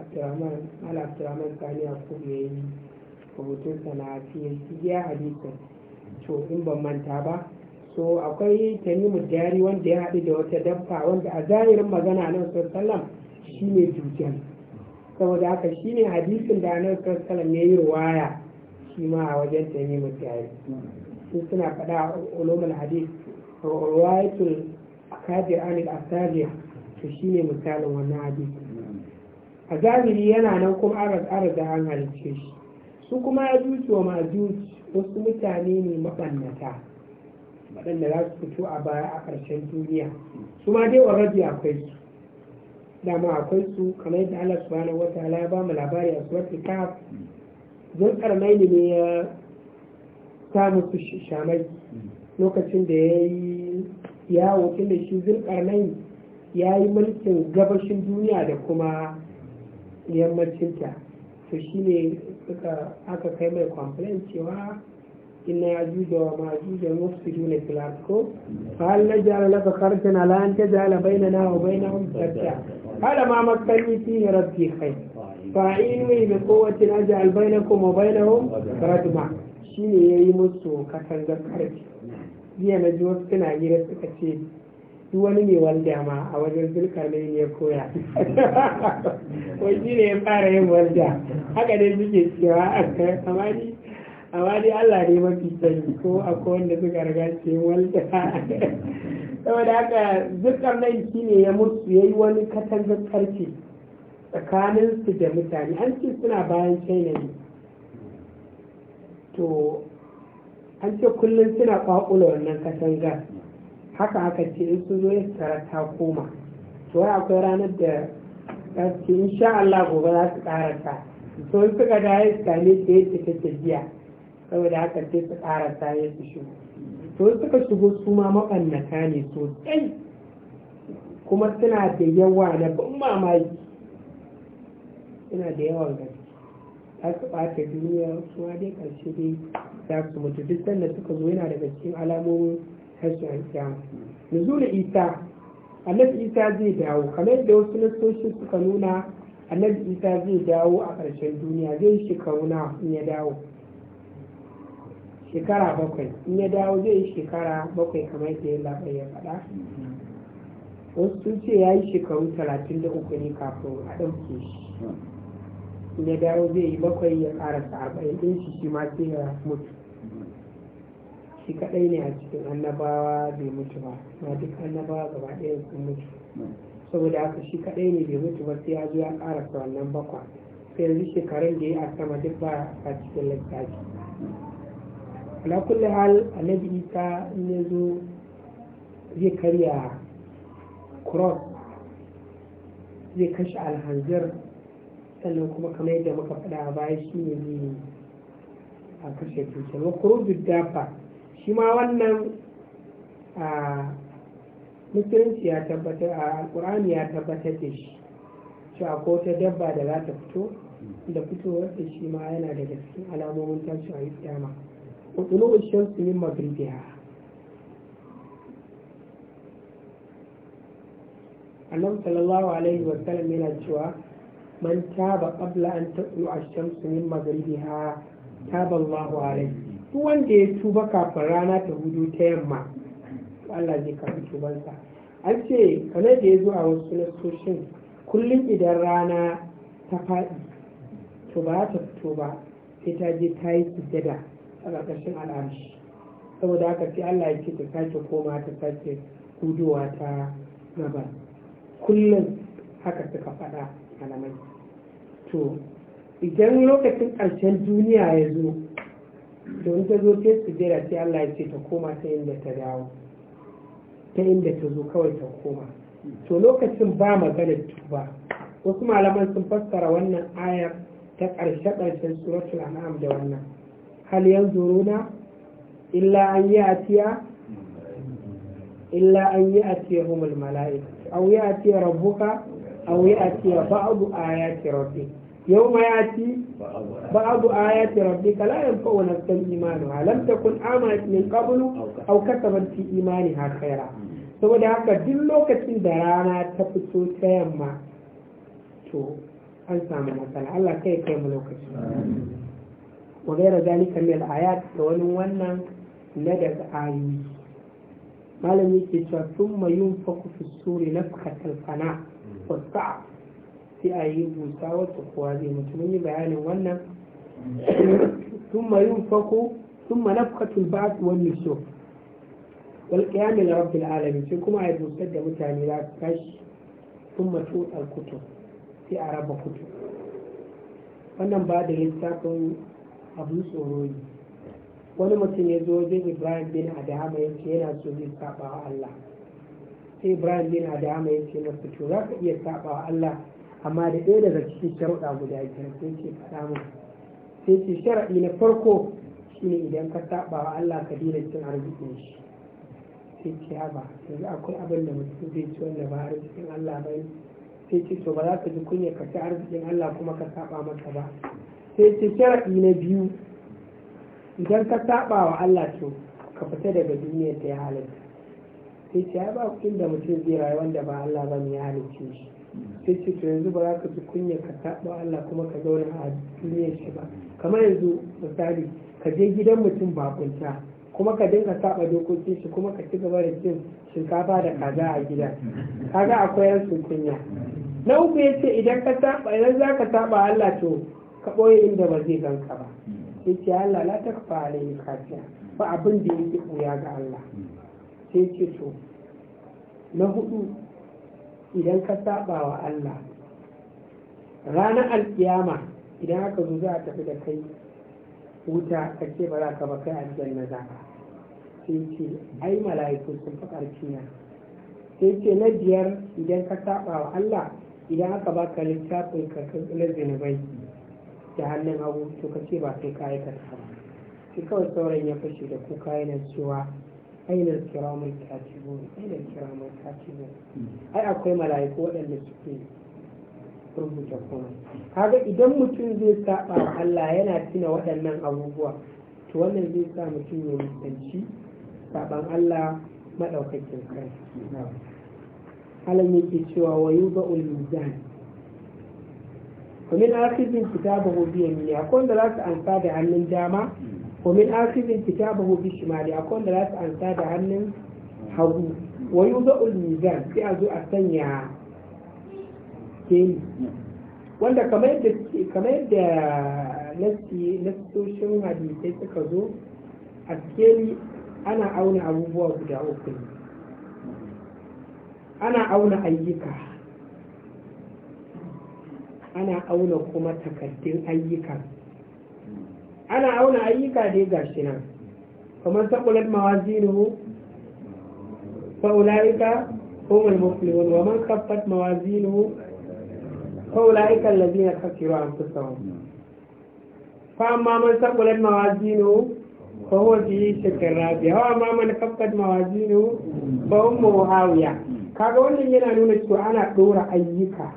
abdurrahman ala abdurrahman sani a kuma ya yi rubutun sana a ya hadisin to in ban manta ba so akwai tamimu dari wanda ya haɗu da wata dabba wanda a zahirin magana nan sallam shi ne dujjal saboda haka shi ne hadisin da nan sallam ya yi ruwaya shi ma a wajen tamimu jari sun suna faɗa a ulumul hadis ruwayatul akadir anil asabiya to shi ne misalin wannan hadis a zahiri yana nan kuma aras aras da an halice shi su kuma ya dutse wa majuci wasu mutane ne maɓannata waɗanda za su fito a baya a ƙarshen duniya su ma dai already akwai su dama akwai su kamar yadda Allah subhanahu wa ta'ala ya ba mu labari a suratul kahf zan karmai ne ya sa musu shamai lokacin da ya yi yawo inda shi karmai ya yi mulkin gabashin duniya da kuma yammacinta to shi ne aka kai mai complain cewa إن يعجوج ومعجوج مفسدون في الأرض فهل نجعل لك خرجا على أن تجعل بيننا وبينهم سدا هذا ما مكني فيه ربي خير فأعينوني بقوة أجعل بينكم وبينهم ردما shine ya yi musu katangar karfi jiya na ji suna gida suka ce duk wani mai walda ma a wajen zulkar ne ya koya wai shi ya fara yin walda haka dai suke cewa a amma dai Allah ne mafi sani ko akwai wanda suka riga ce walda saboda haka zukar nan shi ne ya mutu ya yi wani katangar karfe tsakanin su da mutane an ce suna bayan china ne to an ce kullum suna kwakula wannan katangar haka aka ce in sun zo ya tara ta koma to wai akwai ranar da ta ce insha Allah gobe za su ƙara ta suka da ya same ya ce ta jiya saboda haka sai su karasa ya su shigo to suka shigo su ma maɓannaka ne sosai kuma suna da yawa na ban mamaki suna da yawan ga za su ɓata duniya su ma dai ƙarshe dai za su mutu duk sanda suka zo yana daga cikin alamomin tashin kiyama nuzul isa annabi isa zai dawo kamar yadda wasu nasoshi suka nuna annabi isa zai dawo a ƙarshen duniya zai shi kauna in ya dawo shekara bakwai in ya dawo zai yi shekara bakwai kamar da ya labai ya faɗa wasu sun ce ya yi shekaru talatin da uku ne kafin a ɗauke shi in ya dawo zai yi bakwai ya ƙarasa arba'in ɗin shi shi ma sai ya mutu shi kaɗai ne a cikin annabawa bai mutu ba na duk annabawa gaba ɗaya sun mutu saboda haka shi kaɗai ne bai mutu ba sai ya zo ya ƙarasa wannan bakwa sai yanzu shekarun da ya yi a sama duk ba a cikin lissafi ala kulli hal annabi isa in ya zo zai karya cross zai kashe alhanzir sannan kuma kamar yadda muka faɗa baya shi ne zai a kashe dukiyar wa kurujin dafa shi ma wannan a musulunci ya tabbatar a alkur'ani ya tabbatar da shi shi ko ta dabba da za ta fito da fitowar da shi ma yana daga cikin alamomin tashi a yi وطلوع الشمس من مغربها النبي صلى alaihi wa وسلم yana cewa man taba قبل an تطلع الشمس من مغربها تاب الله عليه alaihi wanda ya tuba kafin rana ta hudu ta yamma Allah zai karbi tubansa an ce kamar da ya zo a wasu nasoshin kullum idan rana ta faɗi to ba ta fito ba sai ta je ta yi sujjada a ƙarƙashin al'arshi saboda haka sai Allah ya ce ta sake koma ta sake hudowa ta gaba kullum haka suka faɗa malamai to idan lokacin ƙarshen duniya ya zo don ta zo su jira sai Allah ya ce ta koma ta inda ta dawo ta inda ta zo kawai ta koma to lokacin ba magana tuba wasu malaman sun fassara wannan ayar ta ƙarshe-ƙarshen suratul an'am da wannan hal yanzuruna illa an ya'tiya illa an ya'tiyahum al mala'ika aw ya'tiya rabbuka aw ya'tiya ba'du ayati rabbik يوم يأتي بعض آيات ربك لا ينفع نفسا إيمانها لم تكن آمنت من قبل أو كسبت في إيمانها خيرا saboda haka duk lokacin da rana ta fito ta yamma to an samu matsala Allah kai kai mu lokaci. wa gaira zalika min ayat da wannan na daga ayoyi malami ke cewa sun mayun faku fi suri na fakatar fana wasa sai a yi busa wata kowa zai mutum bayanin wannan sun mayun faku sun ma nafkatul ba'at wani so wal qiyamil alamin sai kuma a yi busar da mutane za su tashi sun matu al sai a raba kutu. wannan ba da littafin abin tsoro ne wani mutum ya zo wajen ibrahim bin adama ya ce yana so zai saba wa allah sai ibrahim bin adama ya ce masa to za ka iya saba wa allah amma da ɗaya daga cikin sharuɗa guda biyar sai ce faɗa mu sai ce sharaɗi na farko shine idan ka saba wa allah ka dina cin arzikin shi sai ce haba yanzu akwai abin da mutum zai ci wanda ba arzikin allah ba ne sai ce to ba za ka ji kunya ka ci arzikin allah kuma ka saba masa ba sai ce sharaɗi na biyu idan ka saba wa Allah to ka fita daga duniyar ta ya halitta sai ce ya ba kuɗin da mutum zai rayu wanda ba Allah ba mai ya shi sai ce to yanzu ba za ka ji kunya ka saba Allah kuma ka zauna a duniyar shi ba kamar yanzu misali ka je gidan mutum bakunta kuma ka dinka saba dokokin shi kuma ka ci gaba da cin shinkafa da kaza a gida kaga akwai yan kunya na uku yace idan ka saba idan za ka saba Allah to ka ɓoye inda ba zai ganka ba sai ce Allah la ta kafa alayhi kafiya ba abin da yake ɓuya ga Allah sai ce to na hudu idan ka saba wa Allah ranar alkiyama idan aka zo za a tafi da kai wuta ka ce ba za ka ba kai aljanna na ka sai ce ai mala'iku sun fi ƙarfi na sai ce na biyar idan ka saba wa Allah idan aka baka littafin ka kan zinubai da hannun hagu to ka ce ba sai ka aikata ba shi kawai sauran ya fashe da kuka yana cewa ainihin kiramun katibu ainihin kiramun katibu ai akwai mala'iku waɗanda suke rubuta kuma kaga idan mutum zai saba wa Allah yana tuna waɗannan abubuwa to wannan zai sa mutum ya musanci, saban Allah maɗaukakin kai alam ke cewa wa yuba ulmizan ومن آخذ كتابه بيمينه أكون دلاس أنسى بهنن داما ومن آخذ كتابه بشماله أكون دلاس أنسى بهنن hagu wa yi zo ulmizan sai a zo a sanya keli wanda kamar yadda nasoshin hadisai suka zo a keli uku ana auna ayyuka ana auna kuma takaddun ayyuka ana auna ayyuka dai ga shi nan kamar saƙulat mawazinu fa'ula'ika humul muflihun wa man kaffat mawazinuhu fa'ula'ika an khasiru anfusahum fa amma man saqulat mawazinu fa huwa fi shakkin rabi wa amma man kafat mawazinu fa ummuhu hawiya kaga wannan yana nuna cewa ana ɗora ayyuka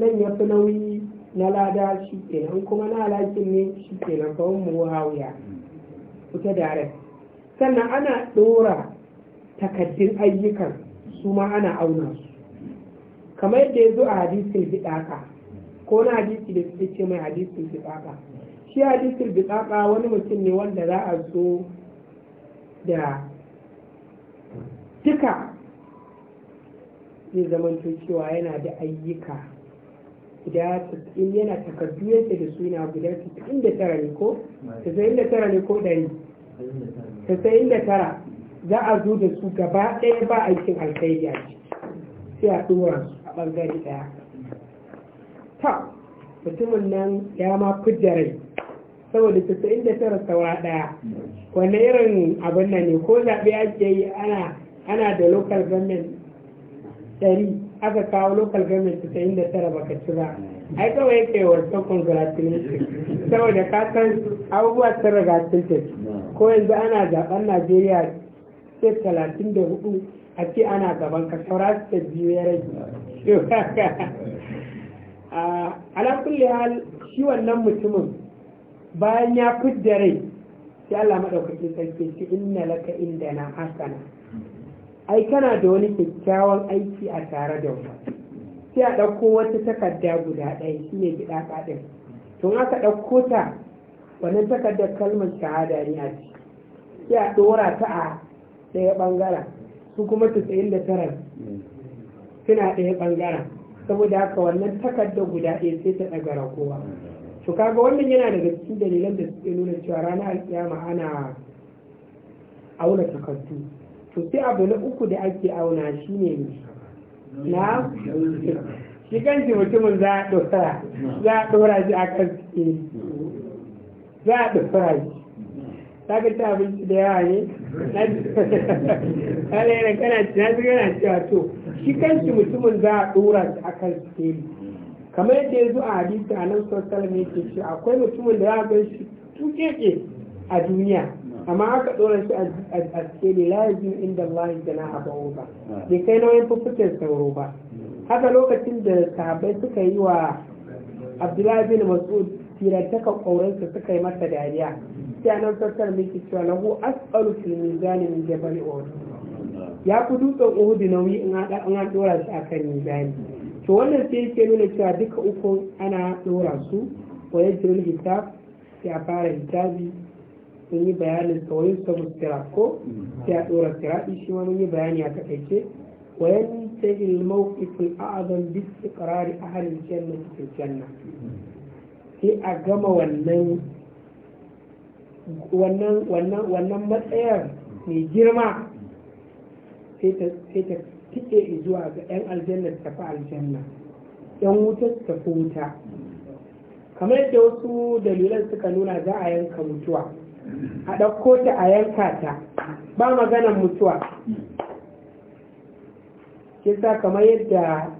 nan ya fi nauyi na lada shi kenan kuma na alakin ne shi kenan kawon mu hawiya da rai sannan ana ɗora takaddun ayyukan su ma ana auna su kamar yadda ya zo a hadisin bidaka ko na hadisi da suke ce mai hadisin bidaka shi hadisin bidaka wani mutum ne wanda za a zo da duka zai zamanto cewa yana da ayyuka in yana takardu yadda da suna guda tara ne ko tara ne ko da tara za a zo da su gaba ɗaya ba aikin alkhairi a ciki sai a ɗora su a ɓangare ɗaya ta mutumin nan ya ma fidda rai saboda tara saura ɗaya wani irin abin nan ne ko zaɓe ake yi ana da local government ɗari aka kawo local government casa'in da tara baka ci ba ai kawai yake wato congratulation saboda ka san abubuwa sun raga ko yanzu ana zaɓen najeriya ce talatin da hudu a ce ana gaban ka saura su ta biyu ya rage ala hal shi wannan mutumin bayan ya fidda rai sai Allah madaukakin sarki shi inna laka inda na hasana ai kana da wani kyakkyawan aiki a tare da wani sai a ɗauko wata takarda guda ɗaya shi ne gida faɗin tun aka ɗauko ta wannan takardar kalmar shahada ne a ciki sai a ɗora ta a ɗaya ɓangaren su kuma tasa'in da tara suna ɗaya ɓangaren saboda haka wannan takarda guda ɗaya sai ta ɗaga rakowa to kaga wannan yana daga cikin dalilan da suke nuna cewa ranar alkiyama ana auna takardu to sai abu na uku da ake auna shi ne na shi kanshi mutumin za a ɗora za a ɗora shi a kan za a ɗora shi ta ga ta abinci da yawa ne na ɗaya kana ci na kana cewa to shi kanshi mutumin za a ɗora shi a kan sikeli kamar yadda ya zo a hadisi a nan sosai yake ce akwai mutumin da za a gan shi tukeke a duniya amma aka ɗora shi a cikin lazim inda Allah ya jana a ba ah. bai kai nauyin fuffuken sauro ba haka lokacin da sahabbai suka yi wa Abdullahi bin Mas'ud tirantaka ƙauransa suka yi masa dariya sai nan sassar miki cewa lahu as'alu filmi mizani min jabal uhud ya ku dutsen uhud nauyi in an ɗora shi akan mizani to wannan sai yake nuna cewa duka ukun ana ɗora su wa yajrul sai a fara hitabi sun yi bayanin tsawoyin sabu sirat ko mm-hmm. sai a ɗora sirati shi ma mun yi bayani a takaice wa yantahi al-mawqif azam bi istiqrar ahli al-jannah fi al-jannah sai a gama wannan wannan wannan wannan matsayar mai girma sai ta sai ta tike zuwa ga yan aljanna ta fa aljanna yan wuta ta wuta kamar yadda wasu dalilan suka nuna za a yanka mutuwa a ɗauko ta a yanka ta ba maganan mutuwa kisa kamar yadda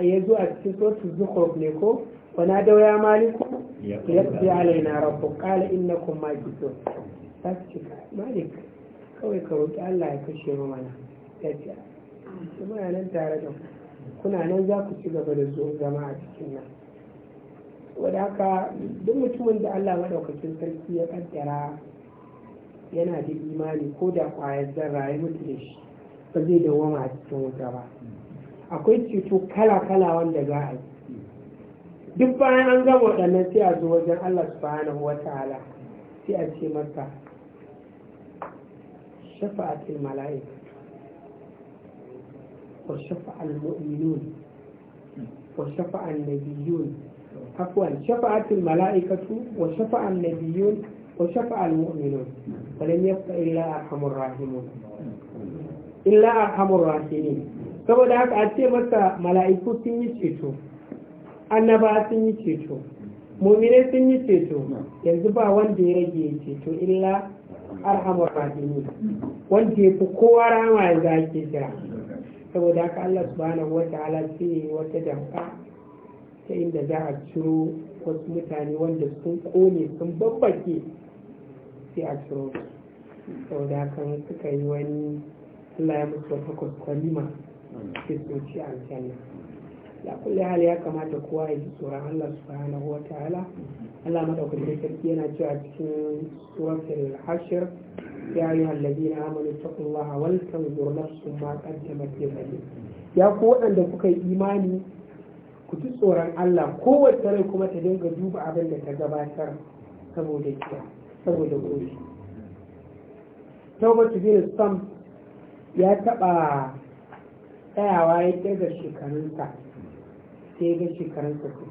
ya zo a cikin sosu zuhur ne ko wana dau ya maliku ya fi na rabu kala inna kun ma so. ta ce malik kawai ka roƙi allah ya kashe mu mana ya ce cikin nan tare da kuna nan za ku ci gaba da zuwa zama a cikin nan wadda haka duk mutumin da Allah madaukakin sarki ya kaddara yana da imani ko da kwayar zarra ya mutu da shi ba zai dawama a cikin wuta ba akwai ceto kala-kala wanda za a yi duk bayan an gama waɗannan sai a zo wajen Allah subhanahu wa ta'ala sai a ce masa shafa'atul mala'ika wa shafa'al mu'minun wa shafa'an nabiyyun mala'ikatu عفوا شفعت الملائكة wa النبيون وشفع المؤمنون ولم يبق illa أرحم الراحمون illa أرحم الراحمين saboda haka a ce masa mala'iku sun yi ceto annaba sun yi ceto mumine sun yi ceto yanzu ba wanda ya rage ceto illa arhamar rahimi wanda ya fi kowa rama ya zaki jira saboda haka Allah subhanahu wa ta'ala sai wata jam'a ta inda za a ciro wasu mutane wanda sun kone sun babbake sai a ciro sau da kan suka yi wani Allah ya musu wata kwaskwalima sai su aljanna la kulle hali ya kamata kowa ya ji tsoron Allah kowa ta hala Allah da sarki yana cewa cikin suratul hashir ya na ladina amanu taqullaha kan zurnar su ma qaddamat mafi ya ku waɗanda kuka yi imani ku ji tsoron Allah kowace rai kuma ta dinga duba abin da ta gabatar saboda kiya saboda gobe Tawbatu bin Sam ya taɓa tsayawa ya kirga shekarunsa sai ga shekarunsa su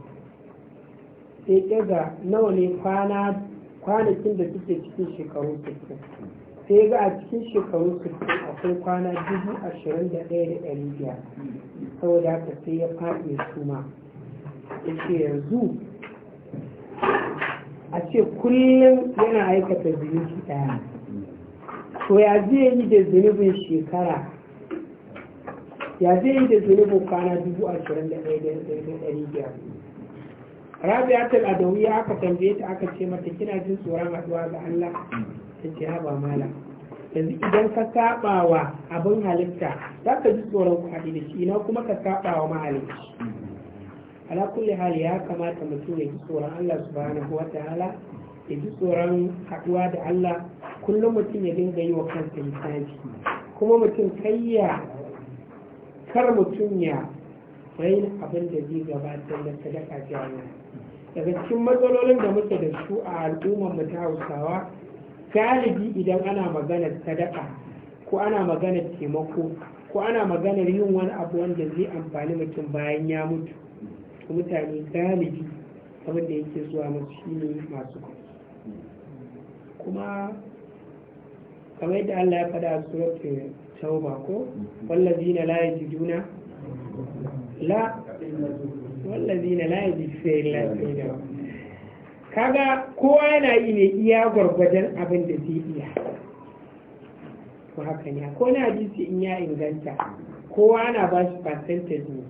sai kirga nawa ne kwanakin da suke cikin shekaru sittin sai ga a cikin shekaru sittin akwai kwana dubu ashirin da ɗaya da ɗari biyar saboda haka sai ya faɗi suma ya ce yanzu a ce kullum yana aikata zunubi ɗaya to ya zai yi da zunubin shekara ya zai yi da zunubin kwana dubu ashirin da ɗaya da ɗari biyar rabi'atul adawiya aka tambaye ta aka ce mata kina jin tsoron haɗuwa ga Allah sun ce mala yanzu idan ka saɓa wa abin halitta za ka ji tsoron ku da shi ina kuma ka saɓa wa mahalicci ala kulli hali ya kamata mutum ya ji tsoron Allah subhanahu wa ta'ala ya ji tsoron haɗuwa da Allah kullum mutum ya dinga yi wa kansa misali kuma mutum kayya kar mutum ya raina abin da zai gabatar da sadaka jami'a daga cikin matsalolin da muke da su a al'ummar mu ta hausawa galibi idan ana maganar sadaka ko ana maganar taimako ko ana maganar yin wani abu wanda zai amfani mutum bayan ya mutu to mutane galibi abin da yake zuwa masu ne masu kuma kamar yadda Allah ya faɗa a suratul tauba ko wallazina la juna la wallazina la yajiduna kaga kowa yana yi ne iya gwargwajen abin da zai iya ko haka ne ko na hadisi in ya inganta kowa ana ba shi percentage ne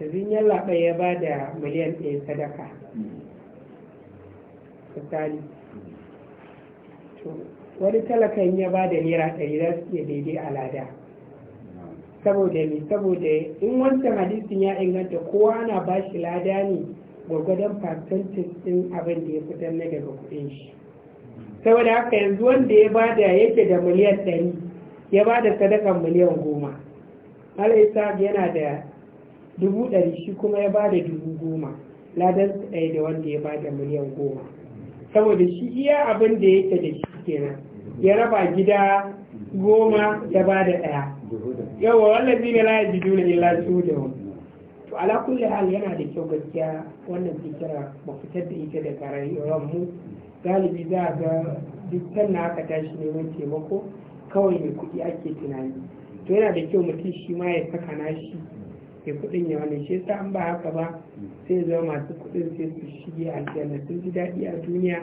yanzu yalla ya ba da miliyan ɗaya sadaka misali wani talakan ya ba da naira ɗari za su iya daidai a lada saboda mai saboda in wancan hadisin ya inganta kowa ana ba shi lada ne gwagwadon percentage din abin da ya fitar na daga kuɗin shi saboda haka yanzu wanda ya bada yake da miliyan ɗari ya bada sadakan miliyan goma alaisa yana da dubu ɗari shi kuma ya bada dubu goma ladan su ɗaya da wanda ya bada miliyan goma saboda shi iya abin da yake da shi kenan ya raba gida goma ya bada ɗaya yawa wallazi ne la yajiduna illa sudahum to ala kulli yana da kyau gaskiya wannan fikira ba fitar da ita daga rayuwar mu galibi za ga duk na aka tashi neman taimako kawai mai kuɗi ake tunani to yana da kyau mutum shi ma ya saka nashi ya kuɗin ya wani shi yasa an ba haka ba sai zama masu kuɗin sai su shige aljanna sun ji daɗi a duniya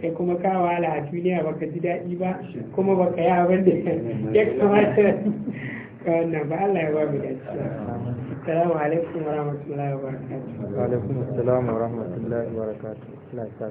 kai kuma ka wahala a duniya baka ji daɗi ba kuma baka yi abin da ya kamata ka wannan ba Allah ya ba mu dace assalamu alaikum wa rahmatullahi wa alaikum assalam warahmatullahi wabarakatuh